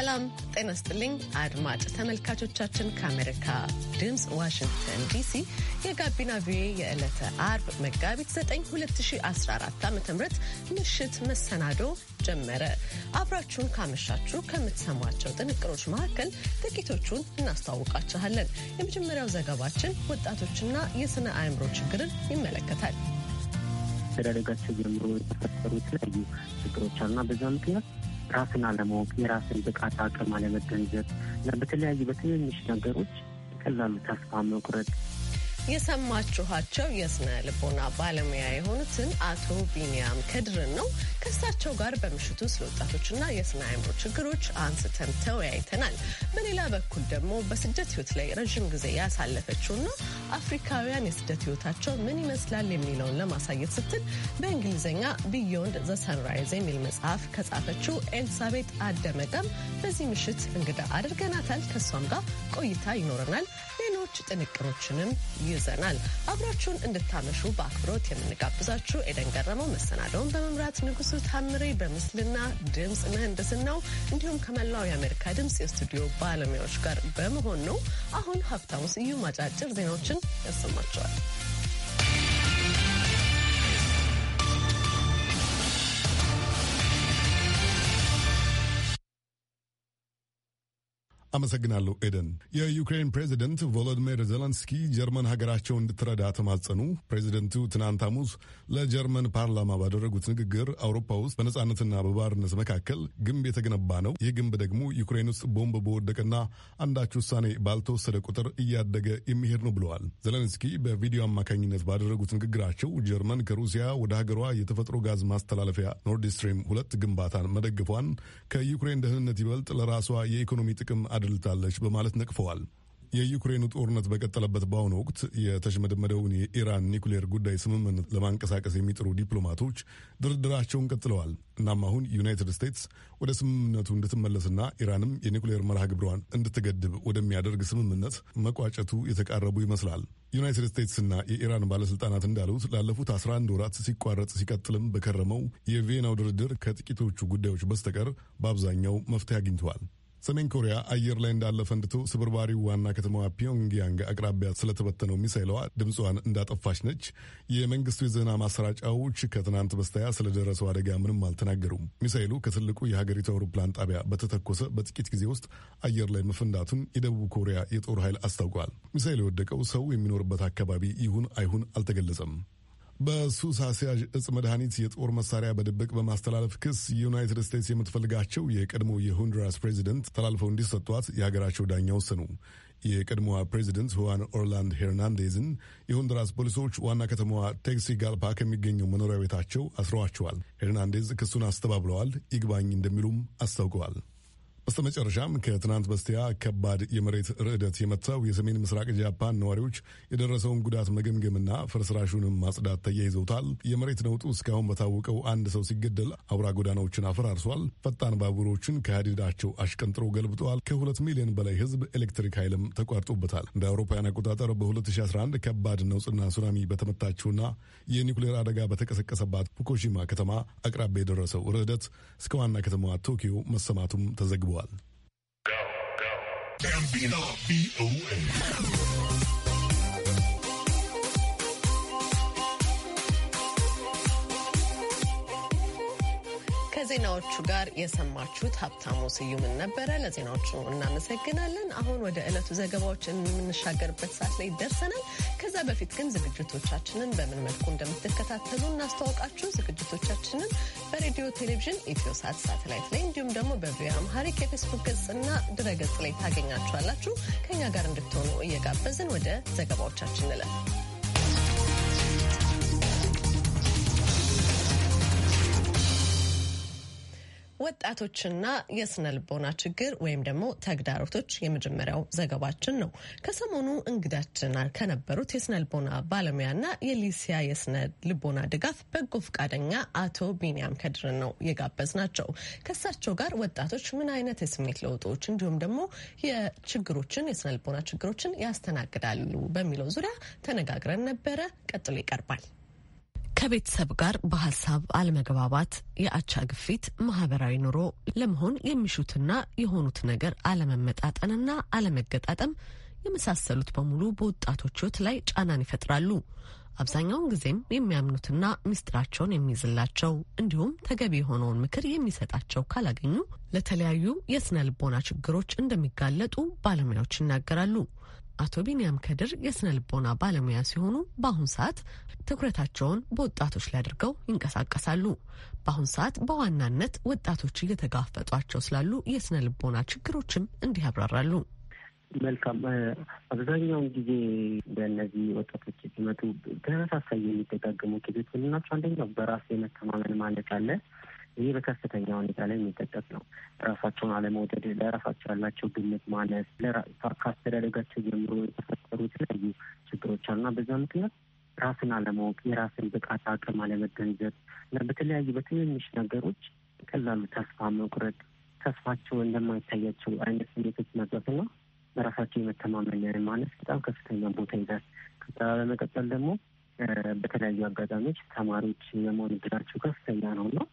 ሰላም ጤና ስጥልኝ አድማጭ ተመልካቾቻችን ከአሜሪካ ድምፅ ዋሽንግተን ዲሲ የጋቢና ቪኦኤ የዕለተ አርብ መጋቢት 9 2014 ዓ ም ምሽት መሰናዶ ጀመረ። አብራችሁን ካመሻችሁ ከምትሰሟቸው ጥንቅሮች መካከል ጥቂቶቹን እናስተዋውቃችኋለን። የመጀመሪያው ዘገባችን ወጣቶችና የስነ አእምሮ ችግርን ይመለከታል። ከደረጋቸው ጀምሮ የተፈጠሩ የተለያዩ ችግሮች አሉና በዛ ምክንያት ራስን አለማወቅ፣ የራስን ብቃት አቅም አለመገንዘብ እና በተለያዩ በትንንሽ ነገሮች በቀላሉ ተስፋ መቁረጥ የሰማችኋቸው የስነ ልቦና ባለሙያ የሆኑትን አቶ ቢኒያም ከድርን ነው። ከእሳቸው ጋር በምሽቱ ስለ ወጣቶችና የስነ አእምሮ ችግሮች አንስተን ተወያይተናል። በሌላ በኩል ደግሞ በስደት ህይወት ላይ ረዥም ጊዜ ያሳለፈችውና አፍሪካውያን የስደት ህይወታቸው ምን ይመስላል የሚለውን ለማሳየት ስትል በእንግሊዝኛ ቢዮንድ ዘ ሰንራይዝ የሚል መጽሐፍ ከጻፈችው ኤልሳቤት አደመቀም በዚህ ምሽት እንግዳ አድርገናታል። ከእሷም ጋር ቆይታ ይኖረናል። ሌሎች ጥንቅሮችንም ይዘናል። አብራችሁን እንድታመሹ በአክብሮት የምንጋብዛችሁ ኤደን ገረመው፣ መሰናደውን በመምራት ንጉሱ ታምሬ በምስልና ድምፅ ምህንድስናው እንዲሁም ከመላው የአሜሪካ ድምፅ የስቱዲዮ ባለሙያዎች ጋር በመሆን ነው። አሁን ሀብታሙ ስዩም አጫጭር ዜናዎችን ያሰማቸዋል። አመሰግናለሁ ኤደን። የዩክሬን ፕሬዚደንት ቮሎዲሚር ዜለንስኪ ጀርመን ሀገራቸው እንድትረዳ ተማጸኑ። ፕሬዚደንቱ ትናንት ሐሙስ ለጀርመን ፓርላማ ባደረጉት ንግግር አውሮፓ ውስጥ በነጻነትና በባርነት መካከል ግንብ የተገነባ ነው። ይህ ግንብ ደግሞ ዩክሬን ውስጥ ቦምብ በወደቀና አንዳች ውሳኔ ባልተወሰደ ቁጥር እያደገ የሚሄድ ነው ብለዋል። ዜለንስኪ በቪዲዮ አማካኝነት ባደረጉት ንግግራቸው ጀርመን ከሩሲያ ወደ ሀገሯ የተፈጥሮ ጋዝ ማስተላለፊያ ኖርድ ስትሪም ሁለት ግንባታን መደግፏን ከዩክሬን ደህንነት ይበልጥ ለራሷ የኢኮኖሚ ጥቅም አድልታለች በማለት ነቅፈዋል። የዩክሬኑ ጦርነት በቀጠለበት በአሁኑ ወቅት የተሽመደመደውን የኢራን ኒውክሌር ጉዳይ ስምምነት ለማንቀሳቀስ የሚጥሩ ዲፕሎማቶች ድርድራቸውን ቀጥለዋል። እናም አሁን ዩናይትድ ስቴትስ ወደ ስምምነቱ እንድትመለስና ኢራንም የኒውክሌር መርሃ ግብሯን እንድትገድብ ወደሚያደርግ ስምምነት መቋጨቱ የተቃረቡ ይመስላል። ዩናይትድ ስቴትስና የኢራን ባለስልጣናት እንዳሉት ላለፉት 11 ወራት ሲቋረጥ ሲቀጥልም በከረመው የቪየናው ድርድር ከጥቂቶቹ ጉዳዮች በስተቀር በአብዛኛው መፍትሄ አግኝተዋል። ሰሜን ኮሪያ አየር ላይ እንዳለ ፈንድቶ ስብርባሪ ዋና ከተማዋ ፒዮንግያንግ አቅራቢያ ስለተበተነው ሚሳይለዋ ድምፅዋን እንዳጠፋች ነች። የመንግስቱ የዜና ማሰራጫዎች ከትናንት በስተያ ስለደረሰው አደጋ ምንም አልተናገሩም። ሚሳይሉ ከትልቁ የሀገሪቱ አውሮፕላን ጣቢያ በተተኮሰ በጥቂት ጊዜ ውስጥ አየር ላይ መፈንዳቱን የደቡብ ኮሪያ የጦር ኃይል አስታውቋል። ሚሳይሉ የወደቀው ሰው የሚኖርበት አካባቢ ይሁን አይሁን አልተገለጸም። በሱስ አስያዥ እጽ መድኃኒት የጦር መሳሪያ በድብቅ በማስተላለፍ ክስ ዩናይትድ ስቴትስ የምትፈልጋቸው የቀድሞ የሆንዱራስ ፕሬዚደንት ተላልፈው እንዲሰጧት የሀገራቸው ዳኛ ወሰኑ። የቀድሞዋ ፕሬዚደንት ሁዋን ኦርላንድ ሄርናንዴዝን የሆንዱራስ ፖሊሶች ዋና ከተማዋ ጋልፓ ከሚገኘው መኖሪያ ቤታቸው አስረዋቸዋል። ሄርናንዴዝ ክሱን አስተባብለዋል። ይግባኝ እንደሚሉም አስታውቀዋል። በስተ መጨረሻም ከትናንት በስቲያ ከባድ የመሬት ርዕደት የመታው የሰሜን ምስራቅ ጃፓን ነዋሪዎች የደረሰውን ጉዳት መገምገምና ፍርስራሹንም ማጽዳት ተያይዘውታል። የመሬት ነውጡ እስካሁን በታወቀው አንድ ሰው ሲገደል አውራ ጎዳናዎችን አፈራርሷል። ፈጣን ባቡሮችን ከሀዲዳቸው አሽቀንጥሮ ገልብጠዋል። ከሁለት ሚሊዮን በላይ ሕዝብ ኤሌክትሪክ ኃይልም ተቋርጦበታል። እንደ አውሮፓውያን አቆጣጠር በ2011 ከባድ ነውፅና ሱናሚ በተመታችውና የኒውክሌር አደጋ በተቀሰቀሰባት ፉኩሺማ ከተማ አቅራቢያ የደረሰው ርዕደት እስከ ዋና ከተማዋ ቶኪዮ መሰማቱም ተዘግቧል። አሳስበዋል። ከዜናዎቹ ጋር የሰማችሁት ሀብታሙ ስዩምን ነበረ። ለዜናዎቹ እናመሰግናለን። አሁን ወደ ዕለቱ ዘገባዎች የምንሻገርበት ሰዓት ላይ ደርሰናል። ከዛ በፊት ግን ዝግጅቶቻችንን በምን መልኩ እንደምትከታተሉ እናስተዋውቃችሁ። ዝግጅቶቻችንን በሬዲዮ ቴሌቪዥን፣ ኢትዮ ሳት ሳተላይት ላይ እንዲሁም ደግሞ በቪኦኤ አምሃሪክ የፌስቡክ ገጽና ድረ ገጽ ላይ ታገኛችኋላችሁ። ከእኛ ጋር እንድትሆኑ እየጋበዝን ወደ ዘገባዎቻችን እንለን ወጣቶችና የስነ ልቦና ችግር ወይም ደግሞ ተግዳሮቶች የመጀመሪያው ዘገባችን ነው። ከሰሞኑ እንግዳችን ከነበሩት የስነ ልቦና ባለሙያና የሊሲያ የስነ ልቦና ድጋፍ በጎ ፈቃደኛ አቶ ቢንያም ከድር ነው የጋበዝ ናቸው። ከእሳቸው ጋር ወጣቶች ምን አይነት የስሜት ለውጦች እንዲሁም ደግሞ የችግሮችን የስነ ልቦና ችግሮችን ያስተናግዳሉ በሚለው ዙሪያ ተነጋግረን ነበረ። ቀጥሎ ይቀርባል። ከቤተሰብ ጋር በሀሳብ አለመግባባት፣ የአቻ ግፊት፣ ማህበራዊ ኑሮ ለመሆን የሚሹትና የሆኑት ነገር አለመመጣጠንና አለመገጣጠም የመሳሰሉት በሙሉ በወጣቶች ሕይወት ላይ ጫናን ይፈጥራሉ። አብዛኛውን ጊዜም የሚያምኑትና ምስጢራቸውን የሚይዝላቸው እንዲሁም ተገቢ የሆነውን ምክር የሚሰጣቸው ካላገኙ ለተለያዩ የስነ ልቦና ችግሮች እንደሚጋለጡ ባለሙያዎች ይናገራሉ። አቶ ቢንያም ከድር የስነ ልቦና ባለሙያ ሲሆኑ በአሁን ሰዓት ትኩረታቸውን በወጣቶች ላይ አድርገው ይንቀሳቀሳሉ። በአሁን ሰዓት በዋናነት ወጣቶች እየተጋፈጧቸው ስላሉ የስነ ልቦና ችግሮችም እንዲህ ያብራራሉ። መልካም። አብዛኛውን ጊዜ በእነዚህ ወጣቶች ሲመጡ ተመሳሳይ የሚደጋገሙ ኬዞች ምንድን ናቸው? አንደኛው በራስ የመተማመን ማለት አለ። ይህ በከፍተኛ ሁኔታ ላይ የሚጠቀስ ነው። ራሳቸውን አለመውደድ፣ ለራሳቸው ያላቸው ግምት ማነስ፣ ከአስተዳደጋቸው ጀምሮ የተፈጠሩ የተለያዩ ችግሮች አሉና በዛ ምክንያት ራስን አለማወቅ፣ የራስን ብቃት አቅም አለመገንዘብ እና በተለያዩ በትንንሽ ነገሮች ቀላሉ ተስፋ መቁረጥ፣ ተስፋቸው እንደማይታያቸው አይነት ስሜቶች መግባትና በራሳቸው የመተማመን ማነስ በጣም ከፍተኛ ቦታ ይዛል። ከዛ በመቀጠል ደግሞ በተለያዩ አጋጣሚዎች ተማሪዎች የመሆን እድላቸው ከፍተኛ ነው ነው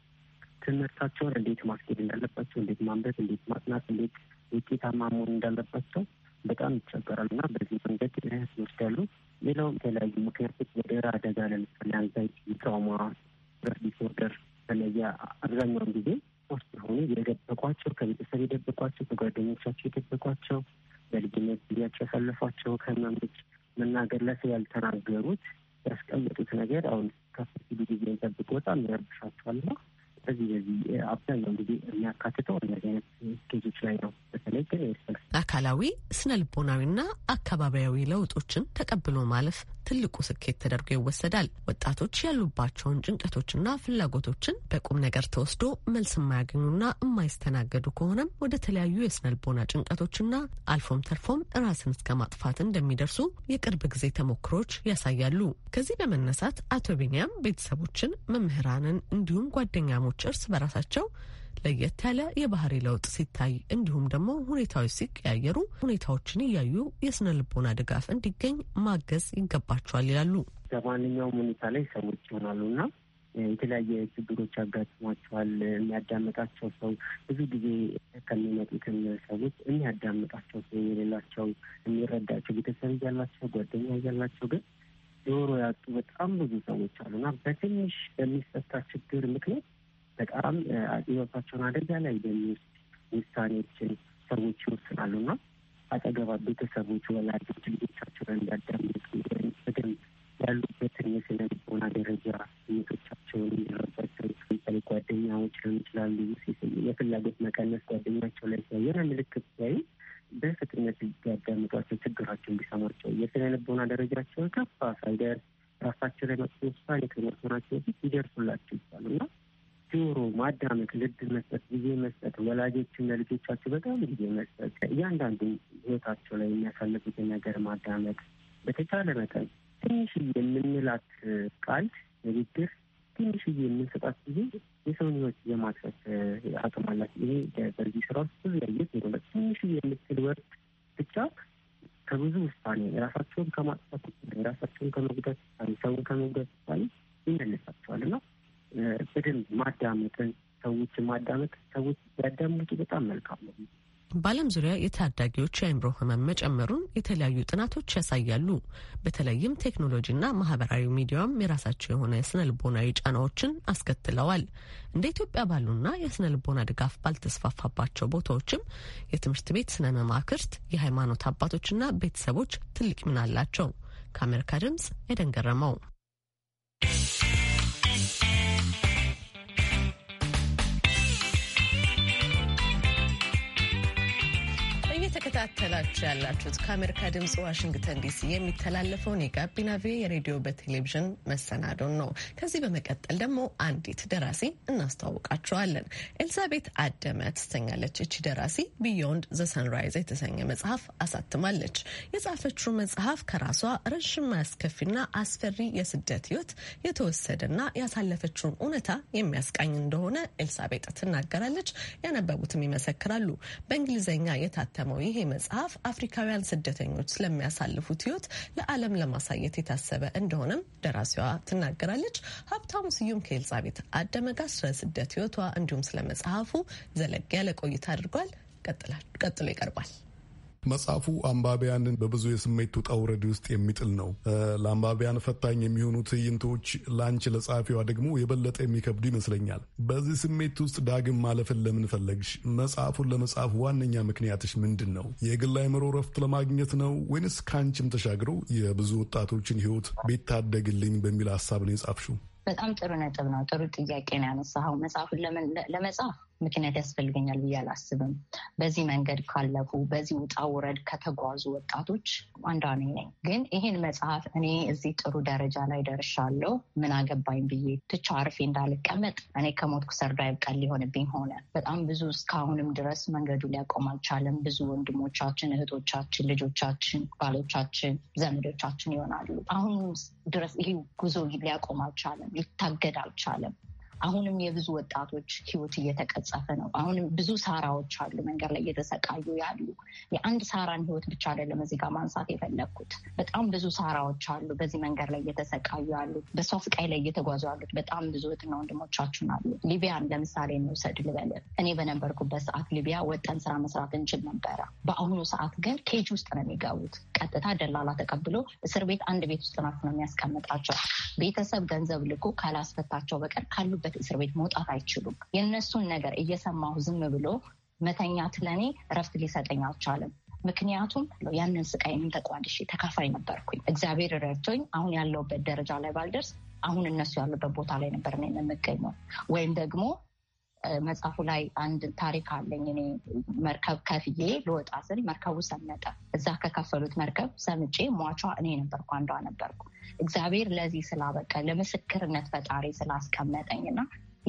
ትምህርታቸውን እንዴት ማስኬድ እንዳለባቸው፣ እንዴት ማንበብ፣ እንዴት ማጥናት፣ እንዴት ውጤታማ መሆን እንዳለባቸው በጣም ይቸገራል እና በዚህ መንገድ ይወስዳሉ። ሌላውም የተለያዩ ምክንያቶች ወደ አደጋ ለምሳሌ አንዛይቲ፣ ትራውማ፣ ስትረስ ዲስኦርደር በተለየ አብዛኛውን ጊዜ ውስጥ ሆኑ የደበቋቸው ከቤተሰብ የደበቋቸው ከጓደኞቻቸው የደበቋቸው በልጅነት ጊዜያቸው ያሳለፏቸው ከመምች መናገር ለሰው ያልተናገሩት ያስቀመጡት ነገር አሁን ከፍ ሲሉ ጊዜ ጠብቆ በጣም ይረብሻቸዋል ነው በዚህ በዚህ አብዛኛውን ጊዜ የሚያካትተው እነዚህ አይነት ኬዞች ላይ ነው። አካላዊ ስነ ልቦናዊና አካባቢያዊ ለውጦችን ተቀብሎ ማለፍ ትልቁ ስኬት ተደርጎ ይወሰዳል። ወጣቶች ያሉባቸውን ጭንቀቶችና ፍላጎቶችን በቁም ነገር ተወስዶ መልስ የማያገኙና የማይስተናገዱ ከሆነም ወደ ተለያዩ የስነ ልቦና ጭንቀቶችና አልፎም ተርፎም ራስን እስከ ማጥፋት እንደሚደርሱ የቅርብ ጊዜ ተሞክሮች ያሳያሉ። ከዚህ በመነሳት አቶ ቢንያም ቤተሰቦችን፣ መምህራንን እንዲሁም ጓደኛሞች እርስ በራሳቸው ለየት ያለ የባህሪ ለውጥ ሲታይ እንዲሁም ደግሞ ሁኔታዎች ሲቀያየሩ ሁኔታዎችን እያዩ የስነ ልቦና ድጋፍ እንዲገኝ ማገዝ ይገባቸዋል ይላሉ። በማንኛውም ሁኔታ ላይ ሰዎች እና የተለያየ ችግሮች ያጋጥሟቸዋል። የሚያዳምጣቸው ሰው ብዙ ጊዜ ከሚመጡትን ሰዎች የሚያዳምጣቸው ሰው የሌላቸው፣ የሚረዳቸው ቤተሰብ እያላቸው ጓደኛ እያላቸው ግን ጆሮ ያጡ በጣም ብዙ ሰዎች አሉና በትንሽ በሚፈታ ችግር ምክንያት በጣም ህይወታቸውን አደጋ ላይ በሚወስድ ውሳኔዎችን ሰዎች ይወስናሉ እና አጠገባ ቤተሰቦች፣ ወላጆች ልጆቻቸውን እንዲያዳምጡ ወይም በደንብ ያሉበትን የስነ ልቦና ደረጃ ስሜቶቻቸውን እንዲረባቸው ለምሳሌ ጓደኛዎች ሊሆን ይችላሉ። የፍላጎት መቀነስ ጓደኛቸው ላይ ሲያየን ምልክት ሲያዩ በፍጥነት ሊያዳምጧቸው፣ ችግራቸውን ሊሰሟቸው፣ የስነ ልቦና ደረጃቸውን ከፋ ሳይደርስ ራሳቸው ላይ መጥፎ ውሳኔ ከመወሰናቸው በፊት ሊደርሱላቸው ይችላሉ እና ጆሮ ማዳመጥ፣ ልብ መስጠት፣ ጊዜ መስጠት፣ ወላጆችን ልጆቻቸው በጣም ጊዜ መስጠት፣ እያንዳንዱ ህይወታቸው ላይ የሚያሳልፉትን ነገር ማዳመጥ፣ በተቻለ መጠን ትንሽ የምንላት ቃል ንግግር ትንሽ የምንሰጣት ጊዜ የሰውን ህይወት የማጥፋት አቅም አላት። ይሄ በዚህ ስራ ውስጥ ብዙ ያየት ሄ ትንሽ የምትል ወርድ ብቻ ከብዙ ውሳኔ የራሳቸውን ከማጥፋት ውሳኔ የራሳቸውን ከመጉዳት ውሳኔ ሰውን ከመጉዳት ውሳኔ ይመለሳቸዋል እና በደንብ ማዳመጥን፣ ሰዎች ማዳመጥ፣ ሰዎች ያዳምጡ በጣም መልካም ነው። በዓለም ዙሪያ የታዳጊዎች የአእምሮ ህመም መጨመሩን የተለያዩ ጥናቶች ያሳያሉ። በተለይም ቴክኖሎጂና ማህበራዊ ሚዲያም የራሳቸው የሆነ የስነ ልቦናዊ ጫናዎችን አስከትለዋል። እንደ ኢትዮጵያ ባሉና የስነ ልቦና ድጋፍ ባልተስፋፋባቸው ቦታዎችም የትምህርት ቤት ስነ መማክርት፣ የሃይማኖት አባቶችና ቤተሰቦች ትልቅ ሚና አላቸው። ከአሜሪካ ድምጽ የደንገረመው ገረመው እየተከታተላችሁ ያላችሁት ከአሜሪካ ድምጽ ዋሽንግተን ዲሲ የሚተላለፈውን የጋቢና ቪ የሬዲዮ በቴሌቪዥን መሰናዶን ነው። ከዚህ በመቀጠል ደግሞ አንዲት ደራሲ እናስተዋውቃችኋለን። ኤልዛቤት አደመ ትሰኛለች። እቺ ደራሲ ቢዮንድ ዘ ሰንራይዝ የተሰኘ መጽሐፍ አሳትማለች። የጻፈችው መጽሐፍ ከራሷ ረዥም አያስከፊና አስፈሪ የስደት የተወሰደ የተወሰደና ያሳለፈችውን እውነታ የሚያስቃኝ እንደሆነ ኤልዛቤጥ ትናገራለች። ያነበቡትም ይመሰክራሉ። በእንግሊዝኛ የታተመው ነው ይሄ መጽሐፍ አፍሪካውያን ስደተኞች ስለሚያሳልፉት ህይወት ለዓለም ለማሳየት የታሰበ እንደሆነም ደራሲዋ ትናገራለች። ሀብታሙ ስዩም ከኤልዛቤት አደመጋ ስለ ስደት ህይወቷ እንዲሁም ስለ መጽሐፉ ዘለግ ያለ ቆይታ አድርጓል። ቀጥሎ ይቀርባል። መጽሐፉ አንባቢያንን በብዙ የስሜት ውጣ ውረድ ውስጥ የሚጥል ነው። ለአንባቢያን ፈታኝ የሚሆኑ ትዕይንቶች ለአንቺ ለጸሐፊዋ ደግሞ የበለጠ የሚከብዱ ይመስለኛል። በዚህ ስሜት ውስጥ ዳግም ማለፍን ለምን ፈለግሽ? መጽሐፉን ለመጻፍ ዋነኛ ምክንያትሽ ምንድን ነው? የግል አእምሮ ረፍት ለማግኘት ነው ወይንስ ከአንቺም ተሻግሮ የብዙ ወጣቶችን ህይወት ቤታደግልኝ በሚል ሀሳብ ነው የጻፍሽው? በጣም ጥሩ ነጥብ ነው። ጥሩ ጥያቄ ነው ያነሳኸው። መጽሐፉን ለመጻፍ ምክንያት ያስፈልገኛል ብዬ አላስብም። በዚህ መንገድ ካለፉ፣ በዚህ ውጣ ውረድ ከተጓዙ ወጣቶች አንዷ ነኝ ግን ይህን መጽሐፍ እኔ እዚህ ጥሩ ደረጃ ላይ ደርሻለሁ ምን አገባኝ ብዬ ትቻ አርፌ እንዳልቀመጥ እኔ ከሞትኩ ሰርዶ አይብቀል ሊሆንብኝ ሆነ። በጣም ብዙ እስካሁንም ድረስ መንገዱ ሊያቆም አልቻለም። ብዙ ወንድሞቻችን፣ እህቶቻችን፣ ልጆቻችን፣ ባሎቻችን፣ ዘመዶቻችን ይሆናሉ። አሁን ድረስ ይህ ጉዞ ሊያቆም አልቻለም፣ ሊታገድ አልቻለም። አሁንም የብዙ ወጣቶች ህይወት እየተቀጸፈ ነው። አሁንም ብዙ ሳራዎች አሉ መንገድ ላይ እየተሰቃዩ ያሉ። የአንድ ሳራን ህይወት ብቻ አይደለም እዚህ ጋር ማንሳት የፈለግኩት። በጣም ብዙ ሳራዎች አሉ በዚህ መንገድ ላይ እየተሰቃዩ ያሉ፣ በእሷ ስቃይ ላይ እየተጓዙ ያሉት በጣም ብዙ እህትና ወንድሞቻችን አሉ። ሊቢያን ለምሳሌ እንውሰድ ልበል። እኔ በነበርኩበት ሰዓት ሊቢያ ወጠን ስራ መስራት እንችል ነበረ። በአሁኑ ሰዓት ግን ኬጅ ውስጥ ነው የሚገቡት። ቀጥታ ደላላ ተቀብሎ እስር ቤት አንድ ቤት ውስጥ ናት ነው የሚያስቀምጣቸው። ቤተሰብ ገንዘብ ልኮ ካላስፈታቸው በቀር ካሉበት ካሉበት እስር ቤት መውጣት አይችሉም። የእነሱን ነገር እየሰማሁ ዝም ብሎ መተኛት ለእኔ እረፍት ሊሰጠኝ አልቻለም። ምክንያቱም ያንን ስቃይ እኔም ተቋድሼ ተካፋይ ነበርኩኝ። እግዚአብሔር ረድቶኝ አሁን ያለውበት ደረጃ ላይ ባልደርስ አሁን እነሱ ያሉበት ቦታ ላይ ነበር ነው የምገኘው። ወይም ደግሞ መጽሐፉ ላይ አንድ ታሪክ አለኝ። እኔ መርከብ ከፍዬ ልወጣ ስል መርከቡ ሰመጠ። እዛ ከከፈሉት መርከብ ሰምጬ ሟቿ እኔ ነበርኩ፣ አንዷ ነበርኩ። እግዚአብሔር ለዚህ ስላበቀ ለምስክርነት ፈጣሪ ስላስቀመጠኝ እና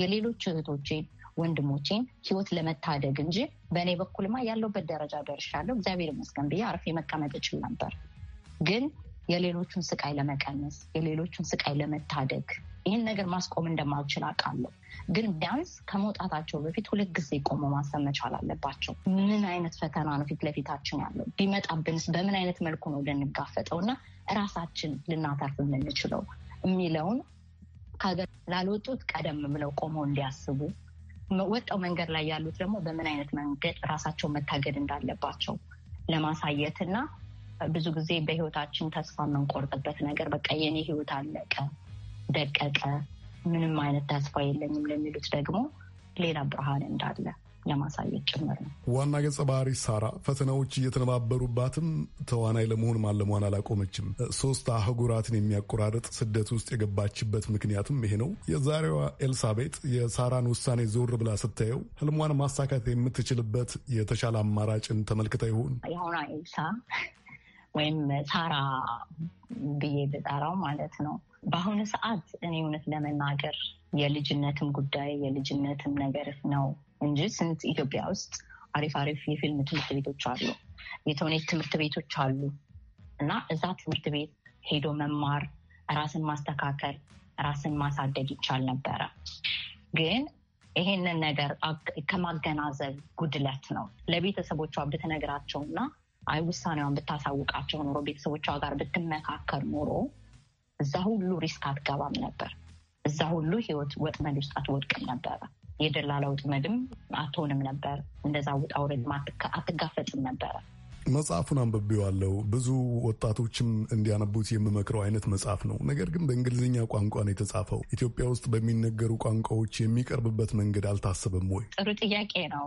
የሌሎች እህቶቼን ወንድሞቼን ህይወት ለመታደግ እንጂ በእኔ በኩልማ ያለውበት ደረጃ ደርሻለሁ እግዚአብሔር ይመስገን ብዬ አርፌ መቀመጥ እችል ነበር ግን የሌሎቹን ስቃይ ለመቀነስ የሌሎቹን ስቃይ ለመታደግ ይህን ነገር ማስቆም እንደማልችል አውቃለሁ። ግን ቢያንስ ከመውጣታቸው በፊት ሁለት ጊዜ ቆሞ ማሰብ መቻል አለባቸው። ምን አይነት ፈተና ነው ፊት ለፊታችን ያለው? ቢመጣብንስ በምን አይነት መልኩ ነው ልንጋፈጠው እና እራሳችን ልናተርፍ የምንችለው የሚለውን ከሀገር ላልወጡት ቀደም ብለው ቆመው እንዲያስቡ፣ ወጣው መንገድ ላይ ያሉት ደግሞ በምን አይነት መንገድ ራሳቸው መታገድ እንዳለባቸው ለማሳየት እና ብዙ ጊዜ በህይወታችን ተስፋ የምንቆርጥበት ነገር በቃ የኔ ህይወት አለቀ ደቀቀ፣ ምንም አይነት ተስፋ የለኝም ለሚሉት ደግሞ ሌላ ብርሃን እንዳለ ለማሳየት ጭምር ነው። ዋና ገጸ ባህሪ ሳራ ፈተናዎች እየተነባበሩባትም ተዋናይ ለመሆን ማለሟን አላቆመችም። ሶስት አህጉራትን የሚያቆራርጥ ስደት ውስጥ የገባችበት ምክንያትም ይሄ ነው። የዛሬዋ ኤልሳቤጥ የሳራን ውሳኔ ዞር ብላ ስታየው ህልሟን ማሳካት የምትችልበት የተሻለ አማራጭን ተመልክታ ይሆን? የሆና ኤልሳ ወይም ሳራ ብዬ ብጠራው ማለት ነው በአሁኑ ሰዓት እኔ እውነት ለመናገር የልጅነትም ጉዳይ የልጅነትም ነገር ነው እንጂ ስንት ኢትዮጵያ ውስጥ አሪፍ አሪፍ የፊልም ትምህርት ቤቶች አሉ፣ የተውኔት ትምህርት ቤቶች አሉ እና እዛ ትምህርት ቤት ሄዶ መማር ራስን ማስተካከል ራስን ማሳደግ ይቻል ነበረ። ግን ይሄንን ነገር ከማገናዘብ ጉድለት ነው። ለቤተሰቦቿ ብትነግራቸውና አይ ውሳኔዋን ብታሳውቃቸው ኖሮ ቤተሰቦቿ ጋር ብትመካከር ኖሮ እዛ ሁሉ ሪስክ አትገባም ነበር። እዛ ሁሉ ህይወት ወጥመድ ውስጥ አትወድቅም ነበረ። የደላላ ወጥመድም አትሆንም ነበር። እንደዛ ውጣ ውረድ አትጋፈጥም ነበረ። መጽሐፉን አንብቤዋለሁ። ብዙ ወጣቶችም እንዲያነቡት የምመክረው አይነት መጽሐፍ ነው። ነገር ግን በእንግሊዝኛ ቋንቋ ነው የተጻፈው። ኢትዮጵያ ውስጥ በሚነገሩ ቋንቋዎች የሚቀርብበት መንገድ አልታሰበም ወይ? ጥሩ ጥያቄ ነው።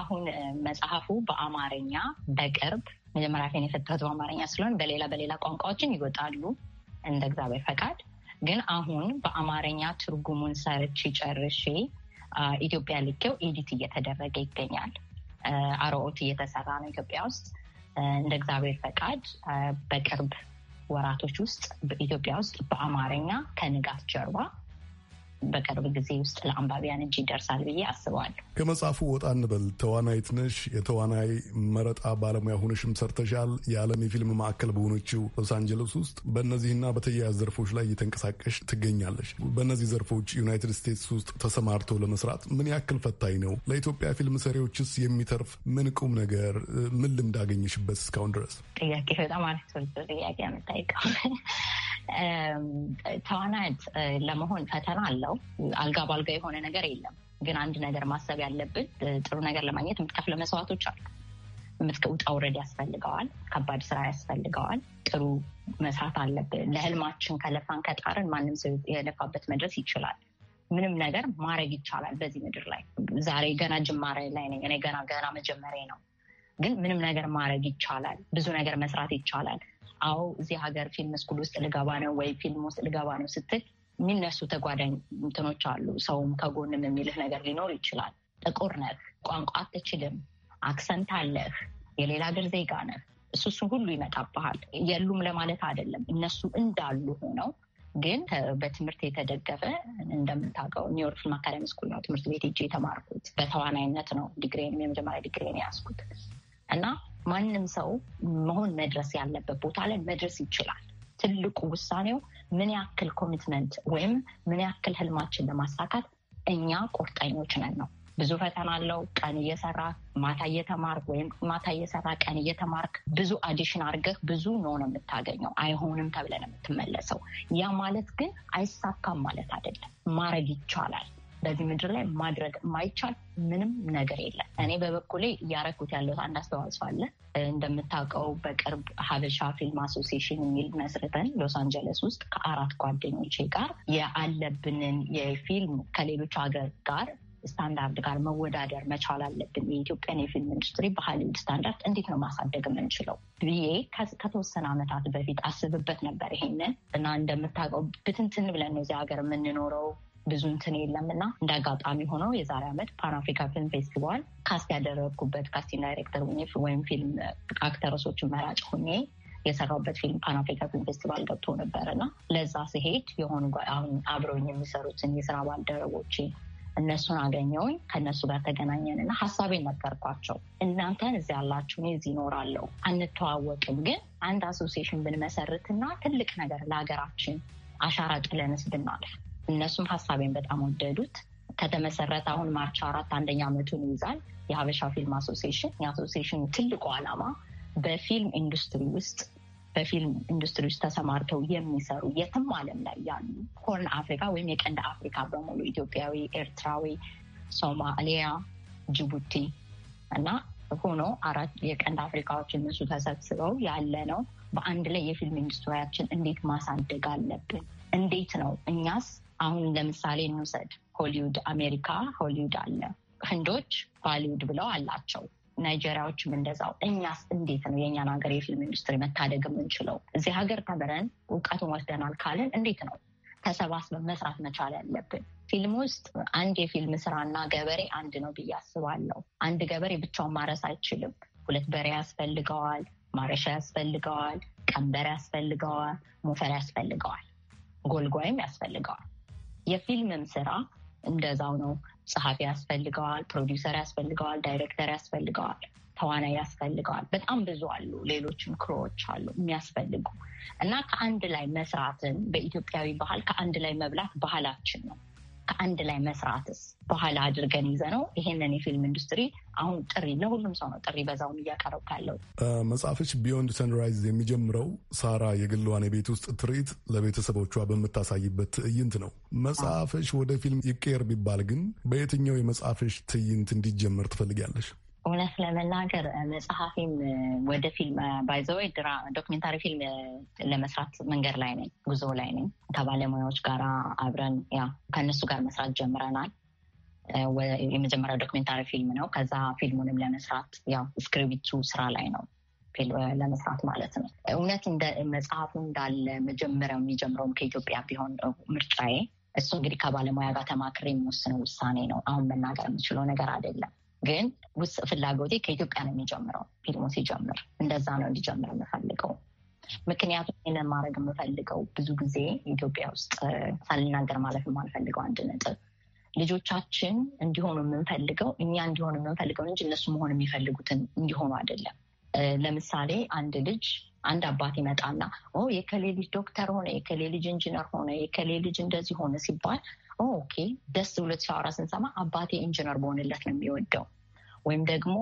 አሁን መጽሐፉ በአማርኛ በቅርብ መጀመሪያ ፌን የፈታሁት በአማርኛ ስለሆን በሌላ በሌላ ቋንቋዎችን ይወጣሉ። እንደ እግዚአብሔር ፈቃድ ግን አሁን በአማርኛ ትርጉሙን ሰርች ጨርሼ ኢትዮጵያ ልኬው ኤዲት እየተደረገ ይገኛል። አርኦት እየተሰራ ነው ኢትዮጵያ ውስጥ። እንደ እግዚአብሔር ፈቃድ በቅርብ ወራቶች ውስጥ በኢትዮጵያ ውስጥ በአማርኛ ከንጋት ጀርባ በቅርብ ጊዜ ውስጥ ለአንባቢያን እጅ ይደርሳል ብዬ አስበዋለሁ። ከመጽሐፉ ወጣ እንበል። ተዋናይት ነሽ፣ የተዋናይ መረጣ ባለሙያ ሆነሽም ሰርተሻል። የዓለም የፊልም ማዕከል በሆነችው ሎስ አንጀለስ ውስጥ በእነዚህና በተያያዝ ዘርፎች ላይ እየተንቀሳቀሽ ትገኛለሽ። በእነዚህ ዘርፎች ዩናይትድ ስቴትስ ውስጥ ተሰማርተው ለመስራት ምን ያክል ፈታኝ ነው? ለኢትዮጵያ ፊልም ሰሪዎችስ የሚተርፍ ምን ቁም ነገር ምን ልምድ አገኘሽበት እስካሁን ድረስ? ጥያቄ በጣም አሪፍ ጥያቄ። ተዋናይት ለመሆን ፈተና አለው ነው። አልጋ በአልጋ የሆነ ነገር የለም። ግን አንድ ነገር ማሰብ ያለብን ጥሩ ነገር ለማግኘት የምትከፍለ መስዋዕቶች አሉ። ውጣ ውረድ ያስፈልገዋል። ከባድ ስራ ያስፈልገዋል። ጥሩ መስራት አለብን። ለህልማችን ከለፋን ከጣርን ማንም ሰው የለፋበት መድረስ ይችላል። ምንም ነገር ማድረግ ይቻላል በዚህ ምድር ላይ። ዛሬ ገና ጅማሬ ላይ ነኝ እኔ ገና ገና መጀመሪያ ነው። ግን ምንም ነገር ማድረግ ይቻላል። ብዙ ነገር መስራት ይቻላል። አዎ እዚህ ሀገር ፊልም ስኩል ውስጥ ልገባ ነው ወይ ፊልም ውስጥ ልገባ ነው ስትል የሚነሱ ተጓዳኝ እንትኖች አሉ። ሰውም ከጎንም የሚልህ ነገር ሊኖር ይችላል። ጥቁር ነህ፣ ቋንቋ አትችልም፣ አክሰንት አለህ፣ የሌላ ሀገር ዜጋ ነህ። እሱ እሱ ሁሉ ይመጣብሃል። የሉም ለማለት አይደለም። እነሱ እንዳሉ ሆነው ግን በትምህርት የተደገፈ እንደምታውቀው ኒውዮርክ ፊልም አካዳሚ ስኩል ነው ትምህርት ቤት እጅ የተማርኩት። በተዋናይነት ነው ዲግሬን የመጀመሪያ ዲግሬን ያስኩት እና ማንም ሰው መሆን መድረስ ያለበት ቦታ ላይ መድረስ ይችላል። ትልቁ ውሳኔው ምን ያክል ኮሚትመንት ወይም ምን ያክል ህልማችን ለማሳካት እኛ ቁርጠኞች ነን ነው። ብዙ ፈተና አለው። ቀን እየሰራ ማታ እየተማርክ ወይም ማታ እየሰራ ቀን እየተማርክ ብዙ አዲሽን አርገህ ብዙ ነው ነው የምታገኘው። አይሆንም ተብለን የምትመለሰው ያ ማለት ግን አይሳካም ማለት አይደለም። ማድረግ ይቻላል። በዚህ ምድር ላይ ማድረግ የማይቻል ምንም ነገር የለም። እኔ በበኩሌ እያረኩት ያለው አንድ አስተዋጽኦ አለ። እንደምታውቀው በቅርብ ሀበሻ ፊልም አሶሲሽን የሚል መስርተን ሎስ አንጀለስ ውስጥ ከአራት ጓደኞቼ ጋር የአለብንን የፊልም ከሌሎች ሀገር ጋር ስታንዳርድ ጋር መወዳደር መቻል አለብን። የኢትዮጵያን የፊልም ኢንዱስትሪ በሀሊውድ ስታንዳርድ እንዴት ነው ማሳደግ የምንችለው ብዬ ከተወሰነ ዓመታት በፊት አስብበት ነበር ይሄንን እና እንደምታውቀው ብትንትን ብለን ነው እዚህ ሀገር የምንኖረው ብዙ እንትን የለም እና እንደ አጋጣሚ ሆነው የዛሬ ዓመት ፓን አፍሪካ ፊልም ፌስቲቫል ካስት ያደረግኩበት ካስቲንግ ዳይሬክተር ሆኜ ወይም ፊልም አክተረሶችን መራጭ ሆኜ የሰራሁበት ፊልም ፓን አፍሪካ ፊልም ፌስቲቫል ገብቶ ነበር እና ለዛ ስሄድ የሆኑ አሁን አብረውኝ የሚሰሩትን የስራ ባልደረቦች እነሱን አገኘውኝ ከእነሱ ጋር ተገናኘን እና ሀሳቤን ነገርኳቸው። እናንተን እዚህ ያላችሁ እኔ እዚህ እኖራለሁ፣ አንተዋወቅም፣ ግን አንድ አሶሲሽን ብንመሰርትና ትልቅ ነገር ለሀገራችን አሻራ ጥለንስ ብናለፍ እነሱም ሀሳቤን በጣም ወደዱት። ከተመሰረተ አሁን ማርች አራት አንደኛ ዓመቱን ይይዛል የሀበሻ ፊልም አሶሲሽን። የአሶሲሽኑ ትልቁ ዓላማ በፊልም ኢንዱስትሪ ውስጥ በፊልም ኢንዱስትሪ ውስጥ ተሰማርተው የሚሰሩ የትም ዓለም ላይ ያሉ ሆርን አፍሪካ ወይም የቀንድ አፍሪካ በሙሉ ኢትዮጵያዊ፣ ኤርትራዊ፣ ሶማሊያ፣ ጅቡቲ እና ሆኖ አራት የቀንድ አፍሪካዎች እነሱ ተሰብስበው ያለ ነው። በአንድ ላይ የፊልም ኢንዱስትሪያችን እንዴት ማሳደግ አለብን? እንዴት ነው እኛስ አሁን ለምሳሌ እንውሰድ ሆሊውድ አሜሪካ ሆሊውድ አለ። ህንዶች ባሊውድ ብለው አላቸው። ናይጄሪያዎችም እንደዛው። እኛስ እንዴት ነው የእኛን ሀገር የፊልም ኢንዱስትሪ መታደግ የምንችለው? እዚህ ሀገር ተምረን እውቀቱን ወስደናል ካልን እንዴት ነው ተሰባስበን መስራት መቻል ያለብን? ፊልም ውስጥ አንድ የፊልም ስራና ገበሬ አንድ ነው ብዬ አስባለሁ። አንድ ገበሬ ብቻውን ማረስ አይችልም። ሁለት በሬ ያስፈልገዋል፣ ማረሻ ያስፈልገዋል፣ ቀንበር ያስፈልገዋል፣ ሞፈር ያስፈልገዋል፣ ጎልጓይም ያስፈልገዋል። የፊልምም ስራ እንደዛው ነው። ጸሐፊ ያስፈልገዋል፣ ፕሮዲውሰር ያስፈልገዋል፣ ዳይሬክተር ያስፈልገዋል፣ ተዋናይ ያስፈልገዋል። በጣም ብዙ አሉ፣ ሌሎችም ክሮዎች አሉ የሚያስፈልጉ እና ከአንድ ላይ መስራትን በኢትዮጵያዊ ባህል ከአንድ ላይ መብላት ባህላችን ነው። ከአንድ ላይ መስራትስ በኋላ አድርገን ይዘ ነው ይሄንን የፊልም ኢንዱስትሪ አሁን ጥሪ ለሁሉም ሰው ነው ጥሪ በዛውም እያቀረብ ካለው መጽሐፍች ቢዮንድ ሰንራይዝ የሚጀምረው ሳራ የግሏን የቤት ውስጥ ትርኢት ለቤተሰቦቿ በምታሳይበት ትዕይንት ነው። መጽሐፍች ወደ ፊልም ይቀየር ቢባል ግን በየትኛው የመጽሐፍች ትዕይንት እንዲጀመር ትፈልጊያለሽ? እውነት ለመናገር መጽሐፊም ወደ ፊልም ባይዘወይ ዶክሜንታሪ ፊልም ለመስራት መንገድ ላይ ነኝ፣ ጉዞ ላይ ነኝ። ከባለሙያዎች ጋር አብረን ያ ከእነሱ ጋር መስራት ጀምረናል። የመጀመሪያው ዶክሜንታሪ ፊልም ነው። ከዛ ፊልሙንም ለመስራት ያው እስክሪብቱ ስራ ላይ ነው ለመስራት ማለት ነው። እውነት መጽሐፉ እንዳለ መጀመሪያው የሚጀምረውም ከኢትዮጵያ ቢሆን ምርጫዬ እሱ እንግዲህ ከባለሙያ ጋር ተማክሬ የሚወስነው ውሳኔ ነው። አሁን መናገር የምችለው ነገር አይደለም። ግን ውስጥ ፍላጎቴ ከኢትዮጵያ ነው የሚጀምረው። ፊልሙ ሲጀምር እንደዛ ነው እንዲጀምር የምፈልገው። ምክንያቱም ይህንን ማድረግ የምፈልገው ብዙ ጊዜ ኢትዮጵያ ውስጥ ሳልናገር ማለፍ የማንፈልገው አንድ ነጥብ ልጆቻችን እንዲሆኑ የምንፈልገው እኛ እንዲሆኑ የምንፈልገው እንጂ እነሱ መሆን የሚፈልጉትን እንዲሆኑ አይደለም። ለምሳሌ አንድ ልጅ አንድ አባት ይመጣና የከሌ ልጅ ዶክተር ሆነ፣ የከሌ ልጅ ኢንጂነር ሆነ፣ የከሌ ልጅ እንደዚህ ሆነ ሲባል ኦኬ ደስ ብሎ ሲያወራ ስንሰማ አባቴ ኢንጂነር በሆንለት ነው የሚወደው ወይም ደግሞ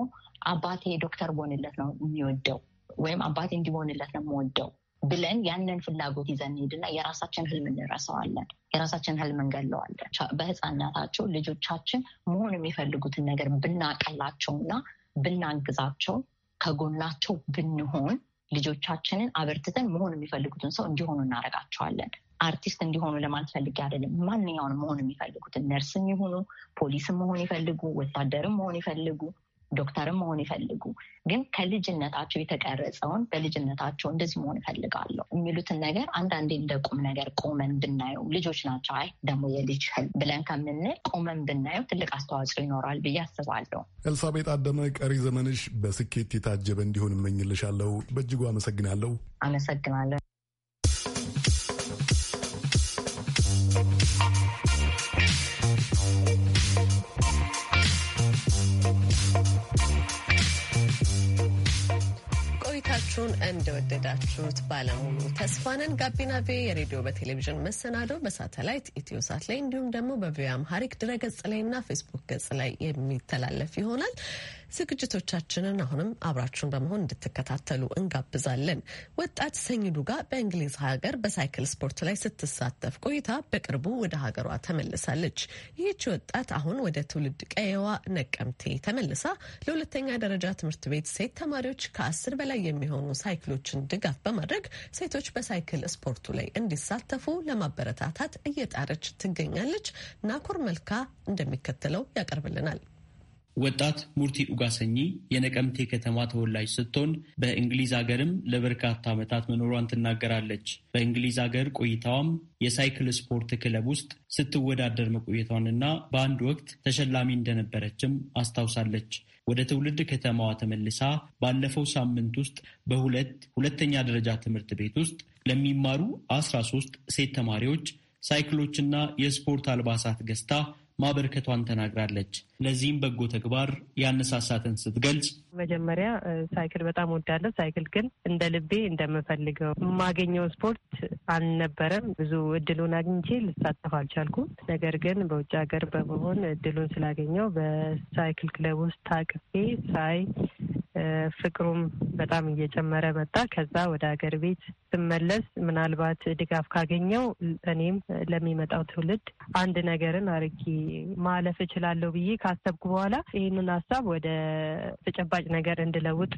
አባቴ ዶክተር በሆንለት ነው የሚወደው ወይም አባቴ እንዲሆንለት ነው የምወደው ብለን ያንን ፍላጎት ይዘን ሄድና የራሳችን ህልም እንረሰዋለን፣ የራሳችን ህልም እንገለዋለን። በህፃናታቸው ልጆቻችን መሆን የሚፈልጉትን ነገር ብናቀላቸውና ብናግዛቸው ከጎናቸው ብንሆን ልጆቻችንን አበርትተን መሆን የሚፈልጉትን ሰው እንዲሆኑ እናደርጋቸዋለን። አርቲስት እንዲሆኑ ለማለት ፈልጌ አይደለም። ማንኛውን መሆን የሚፈልጉትን ነርስም ይሁኑ ፖሊስም መሆን ይፈልጉ፣ ወታደርም መሆን ይፈልጉ፣ ዶክተርም መሆን ይፈልጉ ግን ከልጅነታቸው የተቀረጸውን በልጅነታቸው እንደዚህ መሆን ይፈልጋለሁ የሚሉትን ነገር አንዳንዴ እንደ ቁም ነገር ቆመን ብናየው ልጆች ናቸው አይ ደግሞ የልጅ ብለን ከምንል ቆመን ብናየው ትልቅ አስተዋጽኦ ይኖራል ብዬ አስባለሁ። ኤልሳቤጥ አደመ፣ ቀሪ ዘመንሽ በስኬት የታጀበ እንዲሆን እመኝልሻለሁ። በእጅጉ አመሰግናለሁ። አመሰግናለሁ። የተወደዳችሁት ባለሙሉ ተስፋነን ጋቢና ቪ የሬዲዮ በቴሌቪዥን መሰናዶ በሳተላይት ኢትዮ ሳት ላይ እንዲሁም ደግሞ በቪ አምሃሪክ ድረ ገጽ ላይ እና ፌስቡክ ገጽ ላይ የሚተላለፍ ይሆናል። ዝግጅቶቻችንን አሁንም አብራችሁን በመሆን እንድትከታተሉ እንጋብዛለን። ወጣት ሰኝዱ ጋር በእንግሊዝ ሀገር በሳይክል ስፖርት ላይ ስትሳተፍ ቆይታ በቅርቡ ወደ ሀገሯ ተመልሳለች። ይህች ወጣት አሁን ወደ ትውልድ ቀየዋ ነቀምቴ ተመልሳ ለሁለተኛ ደረጃ ትምህርት ቤት ሴት ተማሪዎች ከአስር በላይ የሚሆኑ ሳይክሎችን ድጋፍ በማድረግ ሴቶች በሳይክል ስፖርቱ ላይ እንዲሳተፉ ለማበረታታት እየጣረች ትገኛለች። ናኮር መልካ እንደሚከተለው ያቀርብልናል። ወጣት ሙርቲ ኡጋሰኚ የነቀምቴ ከተማ ተወላጅ ስትሆን በእንግሊዝ ሀገርም ለበርካታ ዓመታት መኖሯን ትናገራለች። በእንግሊዝ ሀገር ቆይታዋም የሳይክል ስፖርት ክለብ ውስጥ ስትወዳደር መቆየቷንና በአንድ ወቅት ተሸላሚ እንደነበረችም አስታውሳለች። ወደ ትውልድ ከተማዋ ተመልሳ ባለፈው ሳምንት ውስጥ በሁለት ሁለተኛ ደረጃ ትምህርት ቤት ውስጥ ለሚማሩ አስራ ሶስት ሴት ተማሪዎች ሳይክሎችና የስፖርት አልባሳት ገዝታ ማበርከቷን ተናግራለች። ለዚህም በጎ ተግባር ያነሳሳትን ስትገልጽ መጀመሪያ ሳይክል በጣም ወዳለሁ። ሳይክል ግን እንደ ልቤ እንደምፈልገው የማገኘው ስፖርት አልነበረም። ብዙ እድሉን አግኝቼ ልሳተፍ አልቻልኩም። ነገር ግን በውጭ ሀገር በመሆን እድሉን ስላገኘው በሳይክል ክለብ ውስጥ ታቅፌ ሳይ ፍቅሩም በጣም እየጨመረ መጣ። ከዛ ወደ ሀገር ቤት ስመለስ ምናልባት ድጋፍ ካገኘው እኔም ለሚመጣው ትውልድ አንድ ነገርን አርጌ ማለፍ እችላለሁ ብዬ ካሰብኩ በኋላ ይህንን ሀሳብ ወደ ተጨባጭ ነገር እንድለውጥ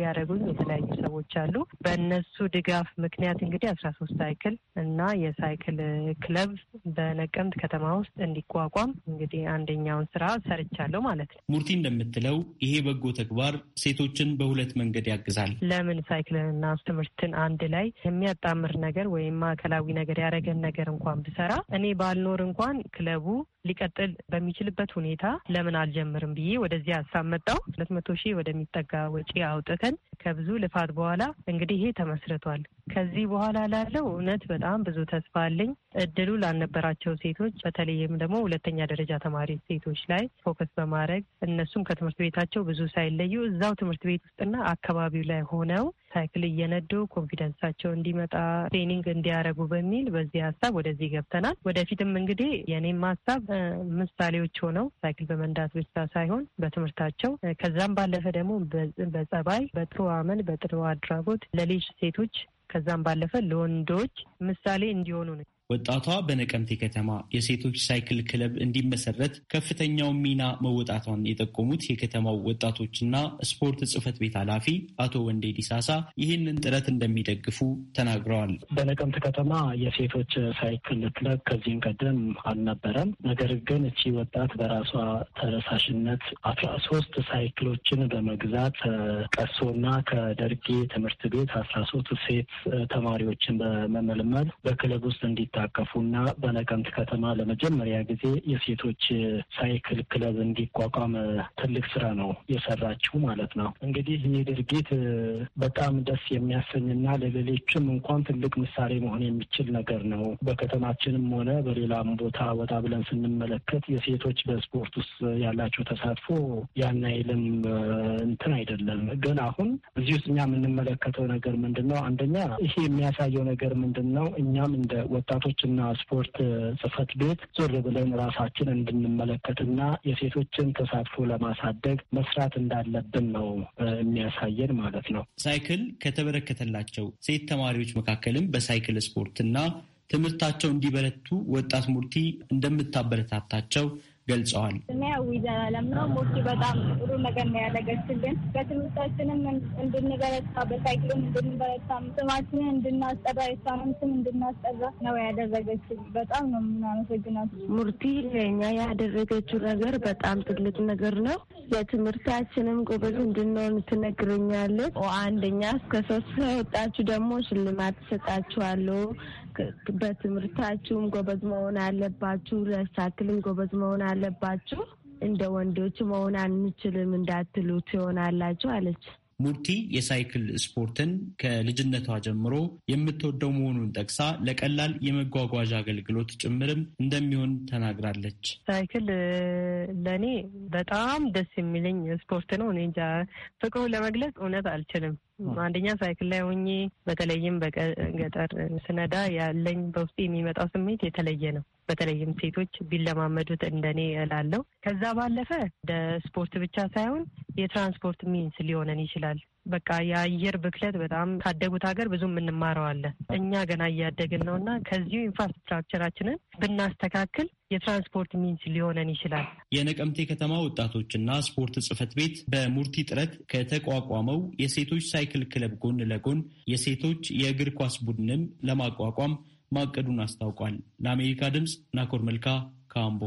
ያደረጉኝ የተለያዩ ሰዎች አሉ። በእነሱ ድጋፍ ምክንያት እንግዲህ አስራ ሶስት ሳይክል እና የሳይክል ክለብ በነቀምት ከተማ ውስጥ እንዲቋቋም እንግዲህ አንደኛውን ስራ ሰርቻለሁ ማለት ነው። ሙርቲ እንደምትለው ይሄ በጎ ተግባር ሴቶችን በሁለት መንገድ ያግዛል። ለምን ሳይክልንና ትምህርትን አንድ ላይ የሚያጣምር ነገር ወይም ማዕከላዊ ነገር ያደረገን ነገር እንኳን ብሰራ እኔ ባልኖር እንኳን ክለቡ ሊቀጥል በሚችልበት ሁኔታ ለምን አልጀምርም ብዬ ወደዚህ ሀሳብ መጣው። ሁለት መቶ ሺህ ወደሚጠጋ ወጪ አውጥተን ከብዙ ልፋት በኋላ እንግዲህ ይሄ ተመስርቷል። ከዚህ በኋላ ላለው እውነት በጣም ብዙ ተስፋ አለኝ። እድሉ ላልነበራቸው ሴቶች በተለይም ደግሞ ሁለተኛ ደረጃ ተማሪ ሴቶች ላይ ፎከስ በማድረግ እነሱም ከትምህርት ቤታቸው ብዙ ሳይለዩ እዛው ትምህርት ቤት ውስጥና አካባቢው ላይ ሆነው ሳይክል እየነዱ ኮንፊደንሳቸው እንዲመጣ ትሬኒንግ እንዲያደርጉ በሚል በዚህ ሀሳብ ወደዚህ ገብተናል። ወደፊትም እንግዲህ የኔም ሀሳብ ምሳሌዎች ሆነው ሳይክል በመንዳት ብቻ ሳይሆን በትምህርታቸው ከዛም ባለፈ ደግሞ በጸባይ፣ በጥሩ አመል፣ በጥሩ አድራጎት ለልጅ ሴቶች ከዛም ባለፈ ለወንዶች ምሳሌ እንዲሆኑ ነው። ወጣቷ በነቀምቴ ከተማ የሴቶች ሳይክል ክለብ እንዲመሰረት ከፍተኛው ሚና መወጣቷን የጠቆሙት የከተማው ወጣቶችና ስፖርት ጽህፈት ቤት ኃላፊ አቶ ወንዴ ዲሳሳ ይህንን ጥረት እንደሚደግፉ ተናግረዋል። በነቀምት ከተማ የሴቶች ሳይክል ክለብ ከዚህም ቀደም አልነበረም። ነገር ግን እቺ ወጣት በራሷ ተነሳሽነት አስራ ሶስት ሳይክሎችን በመግዛት ቀሶና ከደርጌ ትምህርት ቤት አስራ ሶስት ሴት ተማሪዎችን በመመልመል በክለብ ውስጥ እንዲ እንዲታቀፉና በነቀምት ከተማ ለመጀመሪያ ጊዜ የሴቶች ሳይክል ክለብ እንዲቋቋም ትልቅ ስራ ነው የሰራችው ማለት ነው። እንግዲህ ይህ ድርጊት በጣም ደስ የሚያሰኝና ለሌሎችም እንኳን ትልቅ ምሳሌ መሆን የሚችል ነገር ነው። በከተማችንም ሆነ በሌላም ቦታ ወጣ ብለን ስንመለከት የሴቶች በስፖርት ውስጥ ያላቸው ተሳትፎ ያን አይልም እንትን አይደለም። ግን አሁን እዚህ ውስጥ እኛ የምንመለከተው ነገር ምንድን ነው? አንደኛ ይሄ የሚያሳየው ነገር ምንድን ነው? እኛም እንደ ወጣት የሴቶችና ስፖርት ጽህፈት ቤት ዞር ብለን ራሳችን እንድንመለከትና የሴቶችን ተሳትፎ ለማሳደግ መስራት እንዳለብን ነው የሚያሳየን ማለት ነው። ሳይክል ከተበረከተላቸው ሴት ተማሪዎች መካከልም በሳይክል ስፖርትና ትምህርታቸው እንዲበረቱ ወጣት ሙርቲ እንደምታበረታታቸው ገልጸዋል። ስሜያዊ ዘላለም ነው። ሞኪ በጣም ጥሩ ነገር ነው ያደረገችልን። በትምህርታችንም እንድንበረታ በሳይክልም እንድንበረታ ስማችንን እንድናስጠራ የሷንም ስም እንድናስጠራ ነው ያደረገችልን። በጣም ነው የምናመሰግናት። ሙርቲ ለእኛ ያደረገችው ነገር በጣም ትልቅ ነገር ነው። ለትምህርታችንም ጎበዝ እንድንሆን ትነግረኛለች። አንደኛ እስከ ሶስት ወጣችሁ ደግሞ ሽልማት ትሰጣችኋለሁ በትምህርታችሁም ጎበዝ መሆን አለባችሁ፣ ለሳክልም ጎበዝ መሆን አለባችሁ፣ እንደ ወንዶች መሆን አንችልም እንዳትሉ ትሆናላችሁ አለች። ሙርቲ የሳይክል ስፖርትን ከልጅነቷ ጀምሮ የምትወደው መሆኑን ጠቅሳ ለቀላል የመጓጓዣ አገልግሎት ጭምርም እንደሚሆን ተናግራለች። ሳይክል ለእኔ በጣም ደስ የሚለኝ ስፖርት ነው። እኔ እንጃ ፍቅሩን ለመግለጽ እውነት አልችልም። አንደኛ ሳይክል ላይ ሆኜ በተለይም በገጠር ስነዳ ያለኝ በውስጥ የሚመጣው ስሜት የተለየ ነው። በተለይም ሴቶች ቢለማመዱት እንደኔ እላለሁ። ከዛ ባለፈ እንደ ስፖርት ብቻ ሳይሆን የትራንስፖርት ሚንስ ሊሆነን ይችላል። በቃ የአየር ብክለት በጣም ካደጉት ሀገር ብዙ የምንማረዋለን። እኛ ገና እያደግን ነው እና ከዚሁ ኢንፍራስትራክቸራችንን ብናስተካክል የትራንስፖርት ሚንስ ሊሆነን ይችላል። የነቀምቴ ከተማ ወጣቶችና ስፖርት ጽፈት ቤት በሙርቲ ጥረት ከተቋቋመው የሴቶች ሳይክል ክለብ ጎን ለጎን የሴቶች የእግር ኳስ ቡድንም ለማቋቋም ማቀዱን አስታውቋል። ለአሜሪካ ድምፅ ናኮር መልካ ከአምቦ።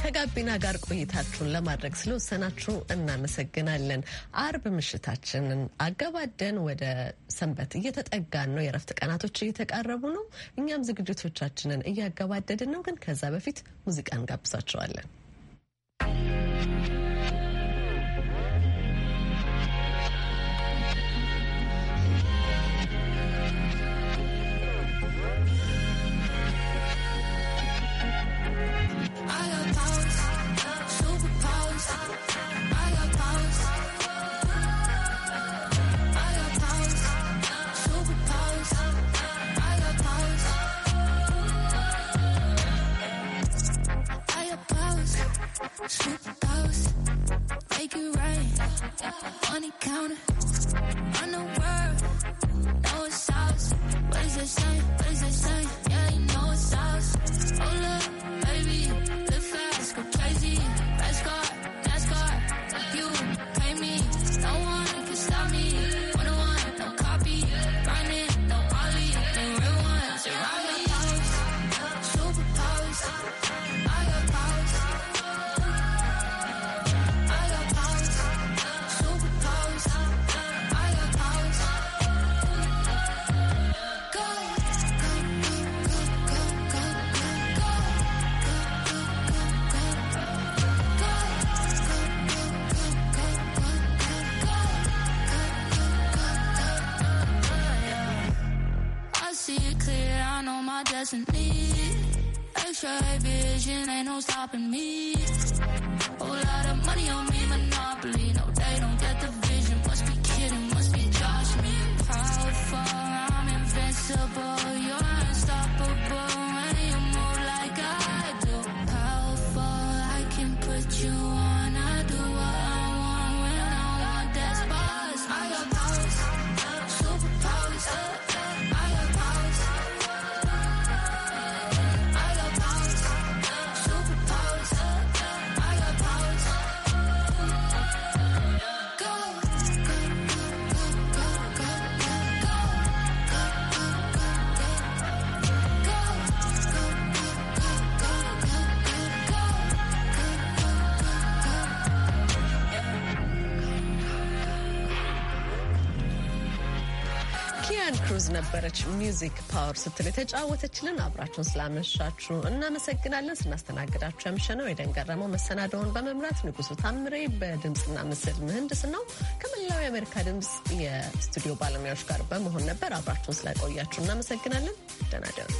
ከጋቢና ጋር ቆይታችሁን ለማድረግ ስለወሰናችሁ እናመሰግናለን። አርብ ምሽታችንን አገባደን ወደ ሰንበት እየተጠጋን ነው። የእረፍት ቀናቶች እየተቃረቡ ነው። እኛም ዝግጅቶቻችንን እያገባደድን ነው። ግን ከዛ በፊት ሙዚቃ እንጋብዛቸዋለን። ねえ。Sky vision, ain't no stopping me. Whole lot of money on me, monopoly. ነበረች ሚውዚክ ፓወር ስትል የተጫወተችልን። አብራችሁን ስላመሻችሁ እናመሰግናለን። ስናስተናግዳችሁ ያምሸነው የደን ገረመው፣ መሰናደውን በመምራት ንጉሱ ታምሬ፣ በድምፅና ምስል ምህንድስ ነው ከመላው የአሜሪካ ድምፅ የስቱዲዮ ባለሙያዎች ጋር በመሆን ነበር። አብራችሁን ስለቆያችሁ እናመሰግናለን። ደህና ደሩ።